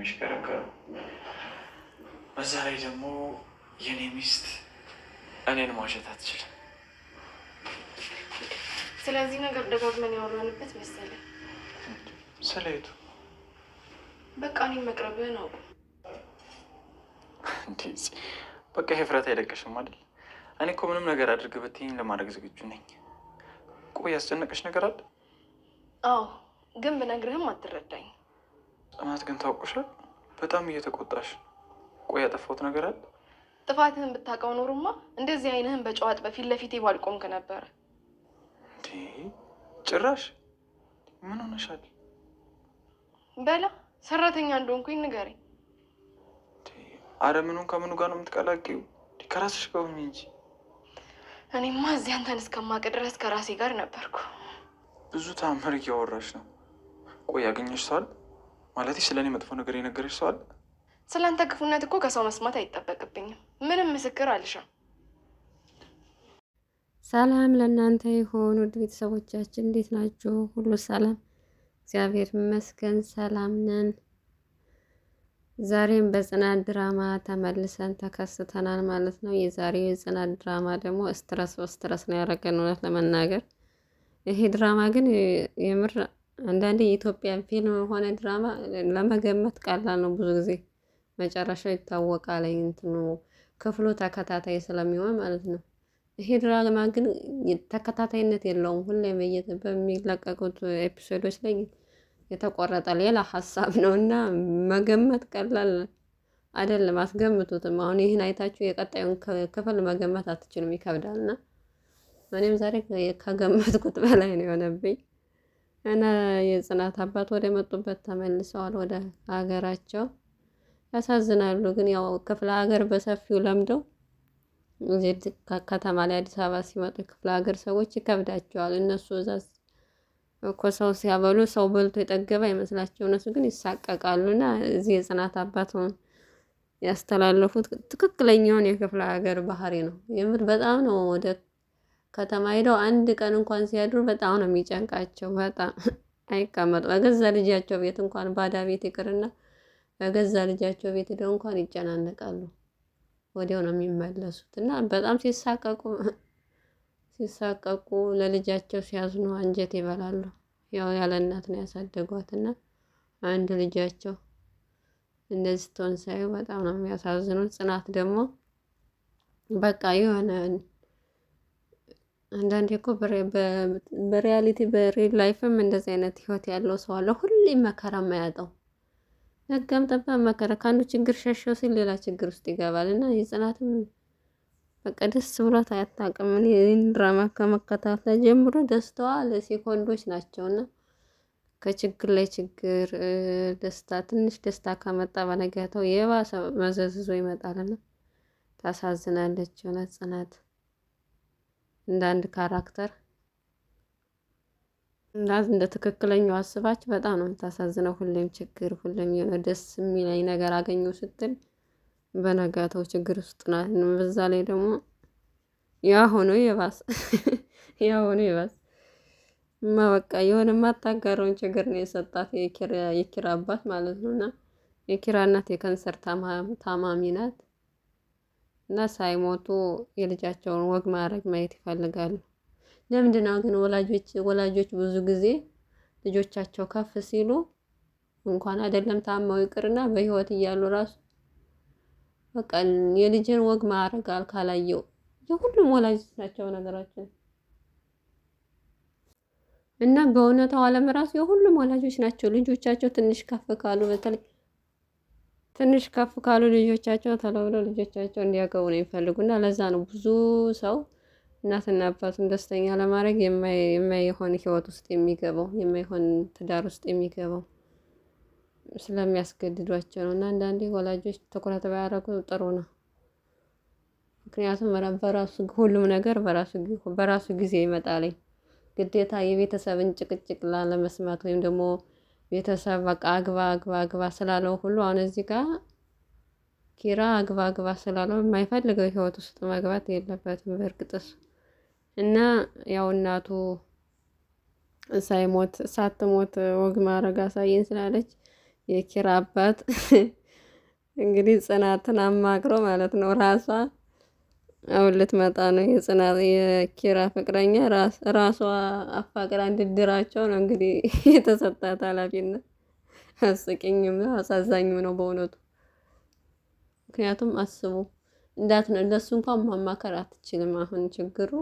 የሚሽከረከረው። በዛ ላይ ደግሞ የኔ ሚስት እኔን ማሸት አትችልም። ስለዚህ ነገር ደጋግመን ያወራንበት መሰለኝ። ስለየቱ በቃ እኔን መቅረብህን አውቁ እንዴ በቃ ይሄ አይለቀሽም አይደል? እኔ እኮ ምንም ነገር አድርግ ብትይኝ ለማድረግ ዝግጁ ነኝ። ቆይ ያስጨነቀሽ ነገር አለ? አዎ፣ ግን ብነግርህም አትረዳኝ ጽናት ግን ታውቁሻል፣ በጣም እየተቆጣሽ። ቆይ ያጠፋሁት ነገር አለ? ጥፋትህን ብታውቀው ኖሩማ እንደዚህ አይንህን በጨዋጥ በፊት ለፊቴ ባልቆምክ ነበረ። እንዴ ጭራሽ ምን ሆነሻል? በላ ሰራተኛ እንደሆንኩኝ ንገረኝ። አረ ምኑን ከምኑ ጋር ነው የምትቀላቂው? ከራስሽ ጋር ሁኚ እንጂ። እኔማ እዚህ አንተን እስከማውቅ ድረስ ከራሴ ጋር ነበርኩ። ብዙ ታምር እያወራሽ ነው። ቆይ ያገኘሽ ሰው ማለት ስለ እኔ መጥፎ ነገር የነገረች ሰው አለ? ስለ አንተ ክፉነት እኮ ከሰው መስማት አይጠበቅብኝም። ምንም ምስክር አልሻም። ሰላም ለእናንተ የሆኑ ውድ ቤተሰቦቻችን እንዴት ናችሁ? ሁሉ ሰላም፣ እግዚአብሔር ይመስገን፣ ሰላም ነን። ዛሬም በጽናት ድራማ ተመልሰን ተከስተናል ማለት ነው። የዛሬው የጽናት ድራማ ደግሞ ስትረስ በስትረስ ነው ያደረገን እውነት ለመናገር ይሄ ድራማ ግን የምር አንዳንዴ የኢትዮጵያን ፊልም ሆነ ድራማ ለመገመት ቀላል ነው። ብዙ ጊዜ መጨረሻው ይታወቃል። እንትኑ ክፍሉ ተከታታይ ስለሚሆን ማለት ነው። ይሄ ድራማ ግን ተከታታይነት የለውም። ሁሌም በሚለቀቁት ኤፒሶዶች ላይ የተቆረጠ ሌላ ሀሳብ ነው እና መገመት ቀላል አይደለም። አትገምቱትም። አሁን ይህን አይታችሁ የቀጣዩን ክፍል መገመት አትችሉም፣ ይከብዳል። እና እኔም ዛሬ ከገመትኩት በላይ ነው የሆነብኝ። እና የጽናት አባት ወደ መጡበት ተመልሰዋል፣ ወደ ሀገራቸው። ያሳዝናሉ፣ ግን ያው ክፍለ ሀገር በሰፊው ለምደው እዚህ ከተማ ላይ አዲስ አበባ ሲመጡ ክፍለ ሀገር ሰዎች ይከብዳቸዋል። እነሱ እዛ እኮ ሰው ሲያበሉ ሰው በልቶ የጠገበ አይመስላቸው፣ እነሱ ግን ይሳቀቃሉ። እና እዚህ የጽናት አባት ያስተላለፉት ትክክለኛውን የክፍለ ሀገር ባህሪ ነው። የምር በጣም ነው ወደ ከተማ ሄደው አንድ ቀን እንኳን ሲያድሩ በጣም ነው የሚጨንቃቸው። በጣም አይቀመጡ። በገዛ ልጃቸው ቤት እንኳን ባዳ ቤት ይቅርና በገዛ ልጃቸው ቤት ሄደው እንኳን ይጨናነቃሉ። ወዲያው ነው የሚመለሱት እና በጣም ሲሳቀቁ ሲሳቀቁ ለልጃቸው ሲያዝኑ አንጀት ይበላሉ። ያው ያለ እናት ነው ያሳደጓት እና አንድ ልጃቸው እንደዚህ ስትሆን በጣም ነው የሚያሳዝኑት። ጽናት ደግሞ በቃ የሆነ አንዳንዴ እኮ በሪያሊቲ በሪል ላይፍም እንደዚህ አይነት ህይወት ያለው ሰው አለ። ሁሌ መከራ የማያጣው ነጋም ጠባ መከራ ከአንዱ ችግር ሸሸው ሲል ሌላ ችግር ውስጥ ይገባል እና የጽናትም በቃ ደስ ብሏት አያታቅም። ይህን ድራማ ከመከታተል ጀምሮ ደስታዋ ለሴኮንዶች ናቸው እና ከችግር ላይ ችግር ደስታ ትንሽ ደስታ ከመጣ በነገተው የባሰ መዘዝዞ ይመጣልና ታሳዝናለች የሆነ ጽናት እንደ አንድ ካራክተር እንደ ትክክለኛው አስባች በጣም ነው የምታሳዝነው። ሁሌም ችግር፣ ሁሌም የሆነ ደስ የሚለኝ ነገር አገኘው ስትል በነጋታው ችግር ውስጥ ናት። በዛ ላይ ደግሞ ያ ሆኖ የባስ ያ ሆኖ የባስ ማ በቃ የሆነ የማታጋረውን ችግር ነው የሰጣት የኪራ አባት ማለት ነው። እና የኪራ እናት የካንሰር ታማሚ ናት። እና ሳይሞቱ የልጃቸውን ወግ ማዕረግ ማየት ይፈልጋሉ። ለምንድን ነው ግን ወላጆች ወላጆች ብዙ ጊዜ ልጆቻቸው ከፍ ሲሉ እንኳን አይደለም ታመው ይቅርና በህይወት እያሉ ራሱ በቃ የልጅን ወግ ማዕረግ አልካላየው የሁሉም ወላጆች ናቸው ነገራችን እና በእውነታው ዓለም ራሱ የሁሉም ወላጆች ናቸው ልጆቻቸው ትንሽ ከፍ ካሉ በተለይ ትንሽ ከፍ ካሉ ልጆቻቸው ቶሎ ልጆቻቸው እንዲያገቡ ነው የሚፈልጉና ለዛ ነው ብዙ ሰው እናትና አባቱን ደስተኛ ለማድረግ የማይሆን ህይወት ውስጥ የሚገባው የማይሆን ትዳር ውስጥ የሚገባው ስለሚያስገድዷቸው ነው። እና አንዳንዴ ወላጆች ትኩረት ባያደረጉ ጥሩ ነው። ምክንያቱም በራሱ ሁሉም ነገር በራሱ ጊዜ ይመጣለኝ። ግዴታ የቤተሰብን ጭቅጭቅ ላለመስማት ወይም ደግሞ ቤተሰብ በቃ አግባ አግባ አግባ ስላለው ሁሉ አሁን እዚህ ጋር ኪራ አግባ አግባ ስላለው የማይፈልገው ህይወት ውስጥ መግባት የለበትም። በእርግጥስ እና ያው እናቱ ሳይሞት ሳትሞት ወግ ማድረግ አሳየን ስላለች የኪራ አባት እንግዲህ ጽናትን አማክሮ ማለት ነው ራሷ አሁን ልትመጣ ነው። የጽናት የኪራ ፍቅረኛ ራሷ አፋቅራ እንድድራቸው ነው እንግዲህ የተሰጣት ኃላፊነት። አስቂኝም ነው አሳዛኝም ነው በእውነቱ። ምክንያቱም አስቡ እንዳት ነው ለሱ እንኳን ማማከር አትችልም። አሁን ችግሩ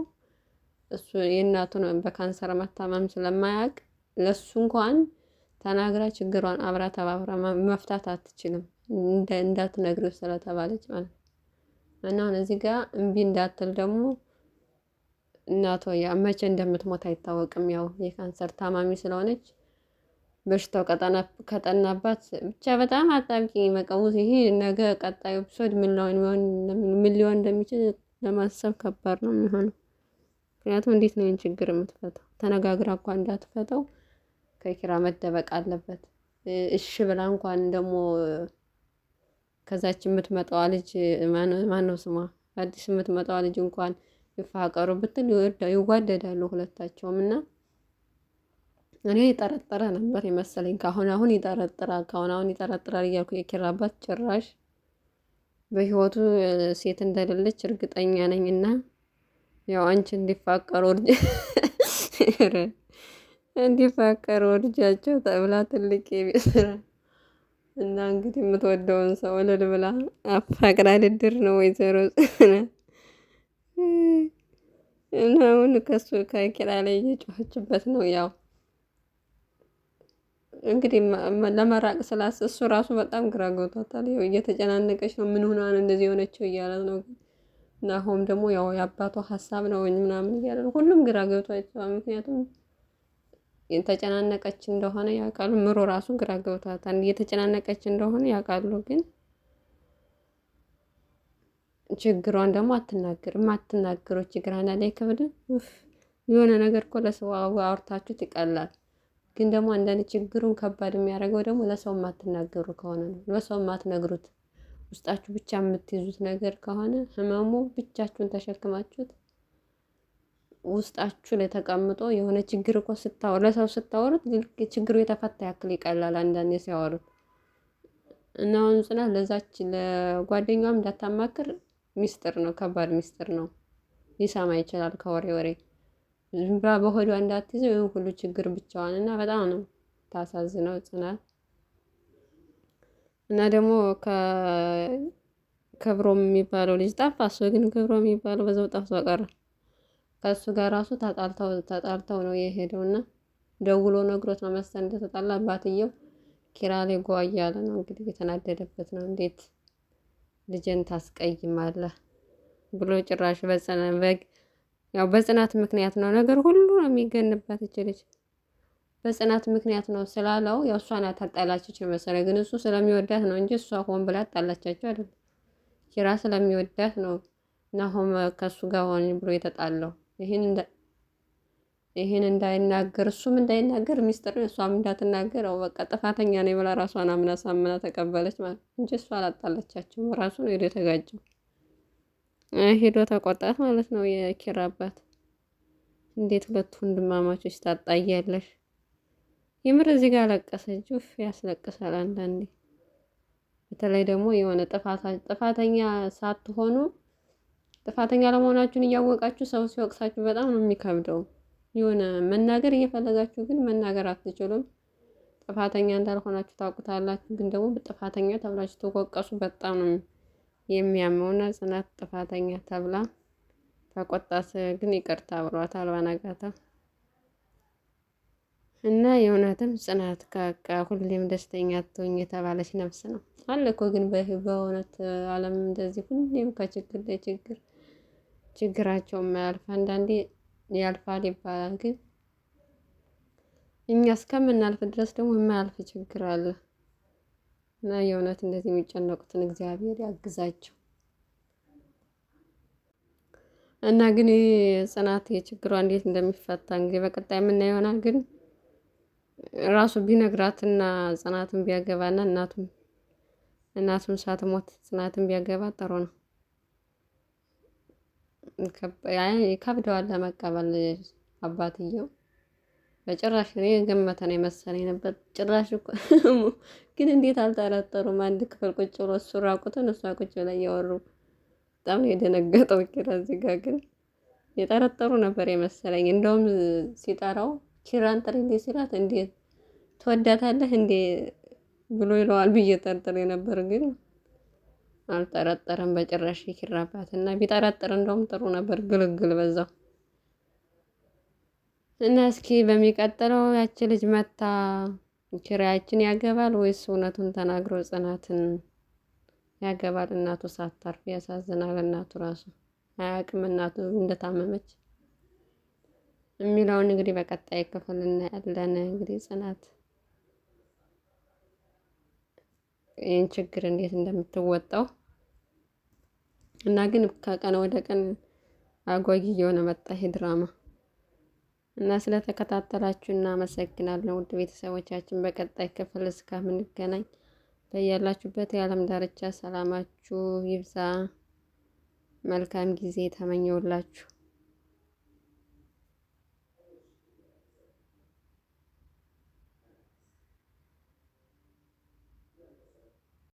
እሱ የእናቱን በካንሰር መታመም ስለማያውቅ ለሱ እንኳን ተናግራ ችግሯን አብራ ተባብራ መፍታት አትችልም እንዳትነግሪው ስለተባለች ማለት ነው። እና አሁን እዚህ ጋር እምቢ እንዳትል ደግሞ እናቷ መቼ እንደምትሞት አይታወቅም። ያው የካንሰር ታማሚ ስለሆነች በሽታው ከጠናባት ብቻ በጣም አጣብቂኝ መቀውስ ይሄ ነገ ቀጣዩ ኤፒሶድ ምን ሊሆን እንደሚችል ለማሰብ ከባድ ነው የሚሆነው። ምክንያቱም እንዴት ነው ይህን ችግር የምትፈታው? ተነጋግራ እንኳ እንዳትፈታው ከኪራ መደበቅ አለበት። እሺ ብላ እንኳን ደግሞ ከዛች የምትመጣዋ ልጅ ማነው ስሟ አዲስ የምትመጣዋ ልጅ እንኳን ይፋቀሩ ብትል ይዋደዳሉ ሁለታቸውም እና እኔ የጠረጠረ ነበር የመሰለኝ። ካሁን አሁን ይጠረጥራል፣ ካሁን አሁን ይጠረጥራል እያልኩ የኪራ አባት ጭራሽ በህይወቱ ሴት እንደሌለች እርግጠኛ ነኝ። እና ያው አንቺ እንዲፋቀሩ እንዲፋቀሩ ልጃቸው ተብላ ትልቅ የቤት ስራ እና እንግዲህ የምትወደውን ሰው እልል ብላ አፋቅራ ድድር ነው ወይዘሮ ጽናት። እና አሁን ከሱ ከኪራ ላይ እየጮኸችበት ነው። ያው እንግዲህ ለመራቅ ስላስ እሱ ራሱ በጣም ግራ ገብቷታል። እየተጨናነቀች ነው። ምን ሆናን እንደዚህ የሆነችው እያለ ነው። አሁን ደግሞ ያው የአባቷ ሀሳብ ነው ምናምን እያለ ሁሉም ግራ ገብቷቸዋል። ምክንያቱም የተጨናነቀች እንደሆነ ያውቃሉ። ምሮ ራሱ ግራ ገብቷታል። የተጨናነቀች እንደሆነ ያውቃሉ፣ ግን ችግሯን ደግሞ አትናገርም። አትናገሮ ችግራና አንዳንዴ አይከብድም? የሆነ ነገር እኮ ለሰው አውርታችሁት ይቀላል፣ ግን ደግሞ አንዳንድ ችግሩን ከባድ የሚያደርገው ደግሞ ለሰው የማትናገሩ ከሆነ ነው። ለሰው የማትነግሩት ውስጣችሁ ብቻ የምትይዙት ነገር ከሆነ ህመሙ ብቻችሁን ተሸክማችሁት ውስጣችሁ ላይ ተቀምጦ የሆነ ችግር እኮ ስታወሩ ለሰው ስታወሩት ችግሩ የተፈታ ያክል ይቀላል። አንዳንዴ ሲያወሩት እና አሁን ጽናት ለዛች ለጓደኛዋም እንዳታማክር ሚስጥር ነው፣ ከባድ ሚስጥር ነው። ሊሰማ ይችላል ከወሬ ወሬ ዝም ብላ በሆዷ እንዳትይዘው ይህን ሁሉ ችግር ብቻዋን እና በጣም ነው ታሳዝነው ጽናት እና ደግሞ ከክብሮም የሚባለው ልጅ ጠፋ። እሱ ግን ክብሮ የሚባለው በዛው ጠፍቶ ቀረ። ከእሱ ጋር ራሱ ተጣልተው ነው የሄደው እና ደውሎ ነግሮት ነው መሰል እንደተጣላ አባትየው ኪራሌ ጓ እያለ ነው እንግዲህ የተናደደበት ነው። እንዴት ልጄን ታስቀይማለህ ብሎ ጭራሽ በግ ያው በጽናት ምክንያት ነው ነገር ሁሉ ነው የሚገንባት ልጅ በጽናት ምክንያት ነው ስላለው ያው እሷን ታጣላቸው መሰለ ግን እሱ ስለሚወዳት ነው እንጂ እሷ ሆን ብላ አጣላቻቸው አይደለም። ኪራ ስለሚወዳት ነው ናሆም ከሱ ጋር ሆን ብሎ የተጣለው። ይሄን እንዳይናገር እሱም እንዳይናገር ሚስጥር እሷም እንዳትናገር ያው በቃ ጥፋተኛ ነው ብላ ራሷን አምና ሳምና ተቀበለች ማለት እንጂ እሷ አላጣለቻቸውም። ራሱ ነው ሄዶ የተጋጨው ሄዶ ተቆጣት ማለት ነው። የኪራ አባት እንዴት ሁለት ወንድማማቾች ታጣያለሽ? የምር እዚህ ጋር አለቀሰች። ጁፍ ያስለቅሳል አንዳንዴ። በተለይ ደግሞ የሆነ ጥፋተኛ ሳትሆኑ ጥፋተኛ ለመሆናችሁን እያወቃችሁ ሰው ሲወቅሳችሁ በጣም ነው የሚከብደው። የሆነ መናገር እየፈለጋችሁ ግን መናገር አትችሉም። ጥፋተኛ እንዳልሆናችሁ ታውቁታላችሁ፣ ግን ደግሞ ጥፋተኛ ተብላችሁ ተወቀሱ። በጣም ነው የሚያመውና ጽናት ጥፋተኛ ተብላ ተቆጣት፣ ግን ይቅርታ ብሏታል በነጋታ እና የእውነትም ጽናት ከቃ ሁሌም ደስተኛ ትሆኝ የተባለች ነፍስ ነው አለ እኮ ግን በእውነት ዓለም እንደዚህ ሁሌም ከችግር ለችግር ችግራቸው የማያልፍ አንዳንዴ ያልፋል ይባላል። ግን እኛ እስከምናልፍ ድረስ ደግሞ የማያልፍ ችግር አለ እና የእውነት እንደዚህ የሚጨነቁትን እግዚአብሔር ያግዛቸው እና ግን ጽናት የችግሯ እንዴት እንደሚፈታ እንግዲህ በቀጣይ የምናየው ይሆናል። ግን ራሱ ቢነግራትና ጽናትን ቢያገባና እናቱም እናቱም ሳትሞት ጽናትን ቢያገባ ጥሩ ነው። ከብደዋል ለመቀበል አባትየው። በጭራሽ እኔ ገመተ ነው የመሰለኝ ነበር። ጭራሽ እኮ ግን እንዴት አልጠረጠሩም? አንድ ክፍል ቁጭ ብሎ እሱ ራቁትን እሷ ቁጭ ብላ እያወሩ በጣም ነው የደነገጠው። ኪራ እዚህ ጋ ግን የጠረጠሩ ነበር የመሰለኝ። እንደውም ሲጠራው ኪራን ጥሪ ሲላት እንዴት ትወዳታለህ እንዴ ብሎ ይለዋል ብዬ ጠርጥሬ ነበር ግን አልጠረጠረም በጭራሽ የኪራ አባት እና ቢጠረጥር እንደውም ጥሩ ነበር ግልግል በዛው እና እስኪ በሚቀጥለው ያቺ ልጅ መታ ኪራያችን ያገባል ወይስ እውነቱን ተናግሮ ጽናትን ያገባል? እናቱ ሳታርፍ ያሳዝናል። እናቱ ራሱ አያውቅም እናቱ እንደታመመች የሚለውን እንግዲህ በቀጣይ ክፍል እናያለን። እንግዲህ ጽናት ይህን ችግር እንዴት እንደምትወጣው እና ግን ከቀን ወደ ቀን አጓጊ እየሆነ መጣ ይሄ ድራማ እና ስለተከታተላችሁ እናመሰግናለን ውድ ቤተሰቦቻችን። በቀጣይ ክፍል እስከምንገናኝ በያላችሁበት የዓለም ዳርቻ ሰላማችሁ ይብዛ። መልካም ጊዜ ተመኘውላችሁ።